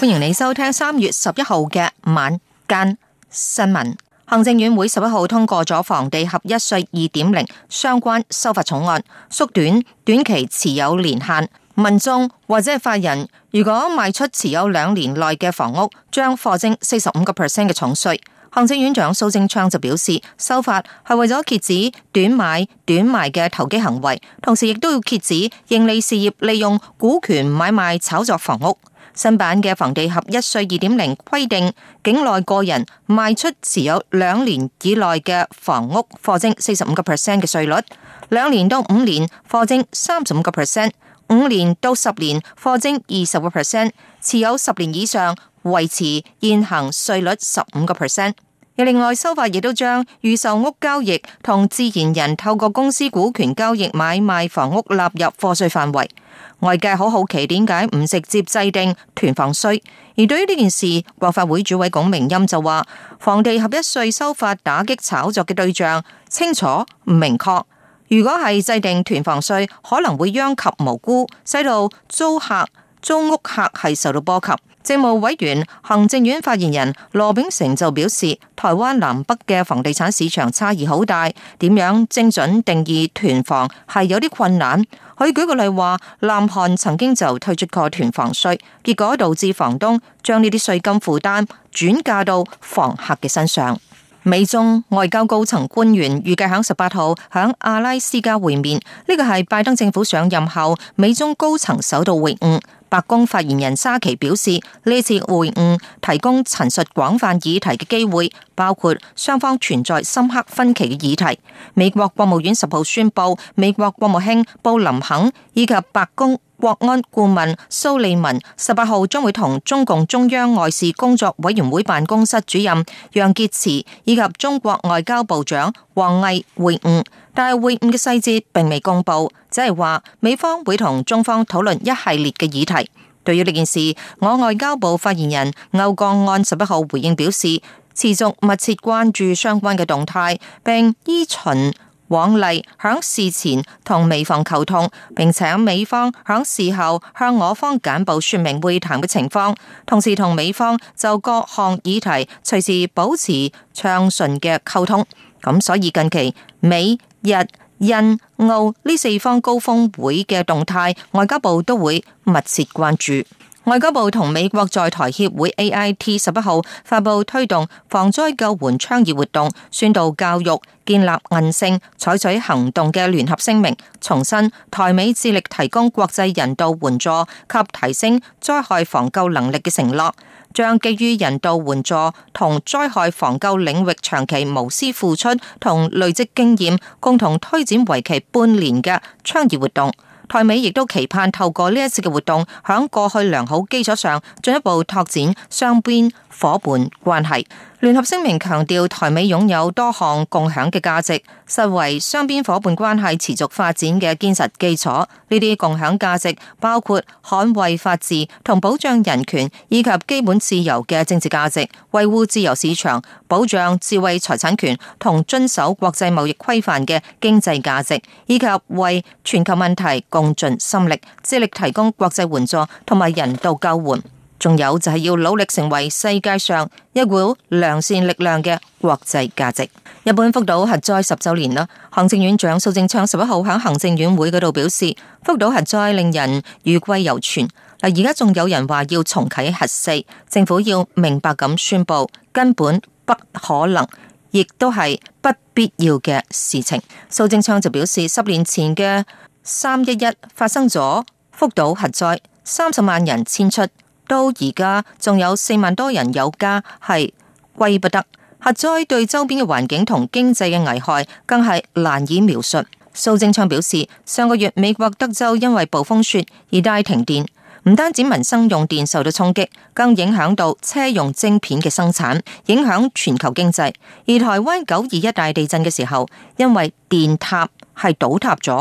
歡迎你收聽三月十一號嘅晚間新聞。行政院會十一號通過咗房地合一稅二點零相關修法草案，縮短短期持有年限。民眾或者係法人如果賣出持有兩年內嘅房屋，將課徵四十五個 percent 嘅重稅。行政院長蘇貞昌就表示，修法係為咗遏止短買短賣嘅投機行為，同時亦都要遏止營利事業利用股權買賣炒作房屋。新版嘅房地合一稅二點零規定，境內個人賣出持有兩年以內嘅房屋貨徵，課徵四十五個 percent 嘅稅率；兩年到五年貨徵，課徵三十五個 percent；五年到十年貨徵，課徵二十個 percent；持有十年以上，維持現行稅率十五個 percent。又另外收法，亦都將預售屋交易同自然人透過公司股權交易買賣房屋納入課稅範圍。外界好好奇點解唔直接制定團房稅？而對於呢件事，立法會主委龔明欽就話，房地合一稅收法打擊炒作嘅對象清楚唔明確。如果係制定團房稅，可能會殃及無辜，細路租客租屋客係受到波及。政務委員、行政院發言人羅秉成就表示，台灣南北嘅房地產市場差異好大，點樣精準定義囤房係有啲困難。佢舉個例話，南韓曾經就退出過囤房稅，結果導致房東將呢啲稅金負擔轉嫁到房客嘅身上。美中外交高層官員預計喺十八號響阿拉斯加會面，呢個係拜登政府上任後美中高層首度會晤。白宮發言人沙奇表示，呢次會晤提供陳述廣泛議題嘅機會，包括雙方存在深刻分歧嘅議題。美國國務院十號宣布，美國國務卿布林肯以及白宮，國安顧問蘇利文十八號將會同中共中央外事工作委員會辦公室主任楊潔篪以及中國外交部長王毅會晤，但係會晤嘅細節並未公布，只係話美方會同中方討論一系列嘅議題。對於呢件事，我外交部發言人歐江安十一號回應表示，持續密切關注相關嘅動態，並依循。往例響事前同美方溝通，並請美方喺事後向我方簡報說明會談嘅情況，同時同美方就各項議題隨時保持暢順嘅溝通。咁所以近期美日印澳呢四方高峰會嘅動態，外交部都會密切關注。外交部同美國在台協會 AIT 十一號發佈推動防災救援倡議活動，宣導教育、建立韌性，採取行動嘅聯合聲明，重申台美致力提供國際人道援助及提升災害防救能力嘅承諾，將基於人道援助同災害防救領域長期無私付出同累積經驗，共同推展為期半年嘅倡議活動。台美亦都期盼透過呢一次嘅活動，喺過去良好基礎上進一步拓展雙邊。夥伴關係聯合聲明強調，台美擁有多項共享嘅價值，實為雙邊夥伴關係持續發展嘅堅實基礎。呢啲共享價值包括捍衛法治同保障人權以及基本自由嘅政治價值，維護自由市場，保障智慧財產權同遵守國際貿易規範嘅經濟價值，以及為全球問題共盡心力，致力提供國際援助同埋人道救援。仲有就係要努力成為世界上一股良善力量嘅國際價值。日本福島核災十周年啦，行政院長蘇貞昌十一號響行政院會嗰度表示，福島核災令人餘悸猶存嗱。而家仲有人話要重啟核四，政府要明白咁宣布，根本不可能，亦都係不必要嘅事情。蘇貞昌就表示，十年前嘅三一一發生咗福島核災，三十萬人遷出。到而家仲有四萬多人有家係歸不得，核災對周邊嘅環境同經濟嘅危害更係難以描述。蘇貞昌表示，上個月美國德州因為暴風雪而帶停電，唔單止民生用電受到衝擊，更影響到車用晶片嘅生產，影響全球經濟。而台灣九二一大地震嘅時候，因為電塔係倒塌咗，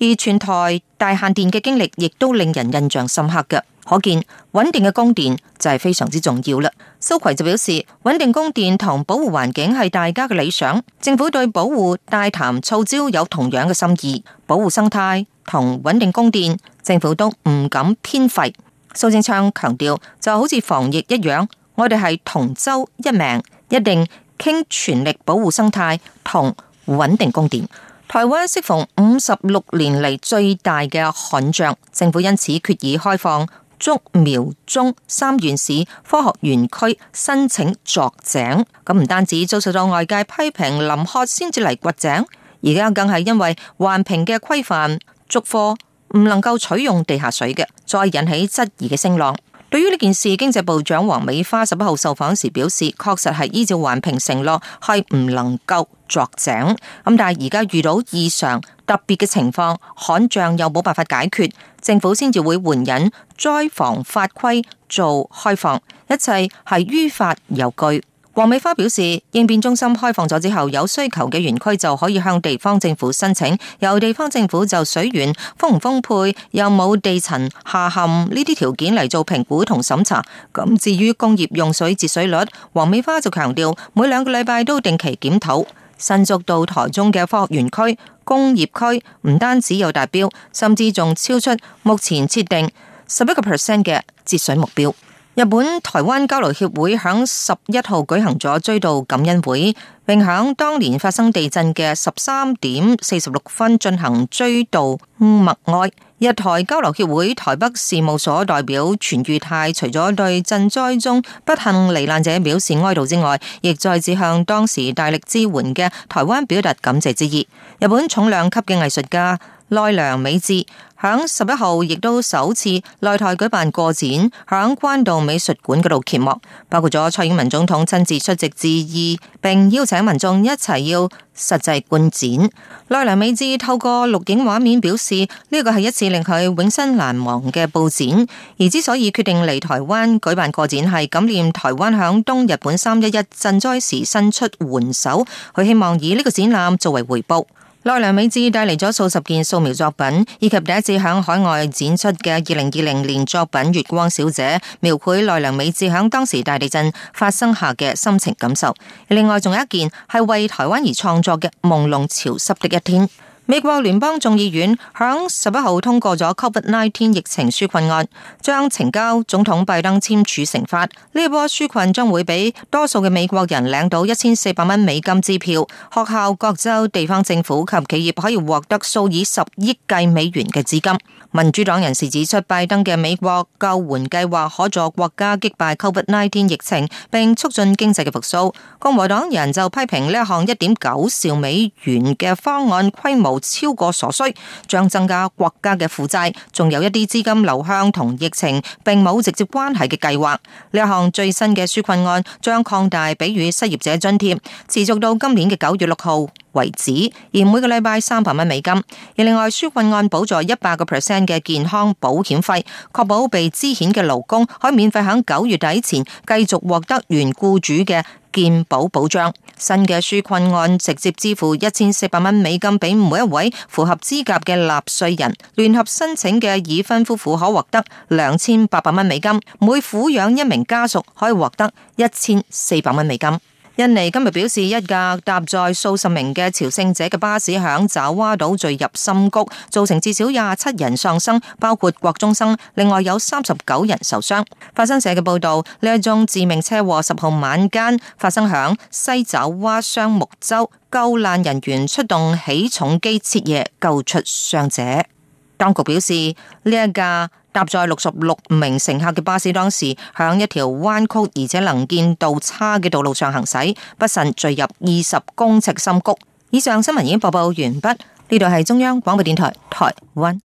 而全台大限電嘅經歷亦都令人印象深刻嘅。可見穩定嘅供電就係非常之重要啦。蘇揆就表示，穩定供電同保護環境係大家嘅理想。政府對保護大潭藻礁有同樣嘅心意，保護生態同穩定供電，政府都唔敢偏廢。蘇貞昌強調，就好似防疫一樣，我哋係同島一命，一定傾全力保護生態同穩定供電。台灣適逢五十六年嚟最大嘅旱象，政府因此決議開放，竹苗中三縣市科學園區申請鑿井，咁唔單止遭受到外界批評，臨渴先至嚟，掘井，而家更係因為環評嘅規範，竹科唔能夠取用地下水嘅，再引起質疑嘅聲浪。對於呢件事，經濟部長黃美花十一號受訪時表示，確實係依照環評承諾，係唔能夠鑿井。咁但係而家遇到異常特別嘅情況，旱象又冇辦法解決，政府先至會援引災防法規做開放，一切係於法有據。黃美花表示，應變中心開放咗之後，有需求嘅園區就可以向地方政府申請，由地方政府就水源豐唔豐沛，又冇地層下陷呢啲條件嚟做評估同審查。咁至於工業用水節水率，黃美花就強調，每兩個禮拜都定期檢討。新竹到台中嘅科學園區、工業區，唔單止有達標，甚至仲超出目前設定十一個 percent 嘅節水目標。日本台灣交流協會喺十一號舉行咗追悼感恩會，並喺當年發生地震嘅十三點四十六分進行追悼默哀。日台交流協會台北事務所代表全裕泰，除咗對震災中不幸罹難者表示哀悼之外，亦再次向當時大力支援嘅台灣表達感謝之意。日本重量級嘅藝術家奈良美智，響十一號亦都首次內台舉辦個展，響關渡美術館嗰度揭幕，包括咗蔡英文總統親自出席致意，並邀請民眾一齊要實際觀展。奈良美智透過錄影畫面表示，呢個係一次令佢永生難忘嘅佈展，而之所以決定嚟台灣舉辦個展係，係感念台灣響東日本三一一震災時伸出援手，佢希望以呢個展覽作為回報。奈良美智帶嚟咗數十件素描作品，以及第一次響海外展出嘅二零二零年作品《月光小姐》，描繪奈良美智響當時大地震發生下嘅心情感受。另外，仲有一件係為台灣而創作嘅《朦朧潮濕的一天》。美國聯邦眾議院響十一號通過咗 Covid-19 疫情紓困案，將呈交總統拜登簽署成法。呢一波紓困將會俾多數嘅美國人領到一千四百蚊美金支票，學校、各州、地方政府及企業可以獲得數以十億計美元嘅資金。民主黨人士指出，拜登嘅美國救援計劃可助國家擊敗 Covid-19 疫情，並促進經濟嘅復甦。共和黨人就批評呢一項一點九兆美元嘅方案規模。超過所需，將增加國家嘅負債，仲有一啲資金流向同疫情並冇直接關係嘅計劃。呢一項最新嘅紓困案將擴大俾予失業者津貼，持續到今年嘅九月六號，為止，而每個禮拜三百蚊美金，而另外紓困案補助一百個 percent 嘅健康保險費，確保被資遣嘅勞工可以免費喺九月底前繼續獲得原雇主嘅健保保障。新嘅紓困案直接支付一千四百蚊美金俾每一位符合資格嘅納稅人，聯合申請嘅已婚夫婦可獲得兩千八百蚊美金，每撫養一名家屬可以獲得一千四百蚊美金。印尼今日表示，一架搭載數十名嘅朝聖者嘅巴士響爪哇島墜入深谷，造成至少廿七人喪生，包括國中生。另外有三十九人受傷。法新社嘅報道，呢一宗致命車禍十號晚間發生響西爪哇雙木洲，救難人員出動起重機徹夜救出傷者。當局表示，呢一架搭載六十六名乘客嘅巴士，當時響一條彎曲而且能見度差嘅道路上行駛，不慎墜入二十公尺深谷。以上新聞已經播報完畢，呢度係中央廣播電台台灣。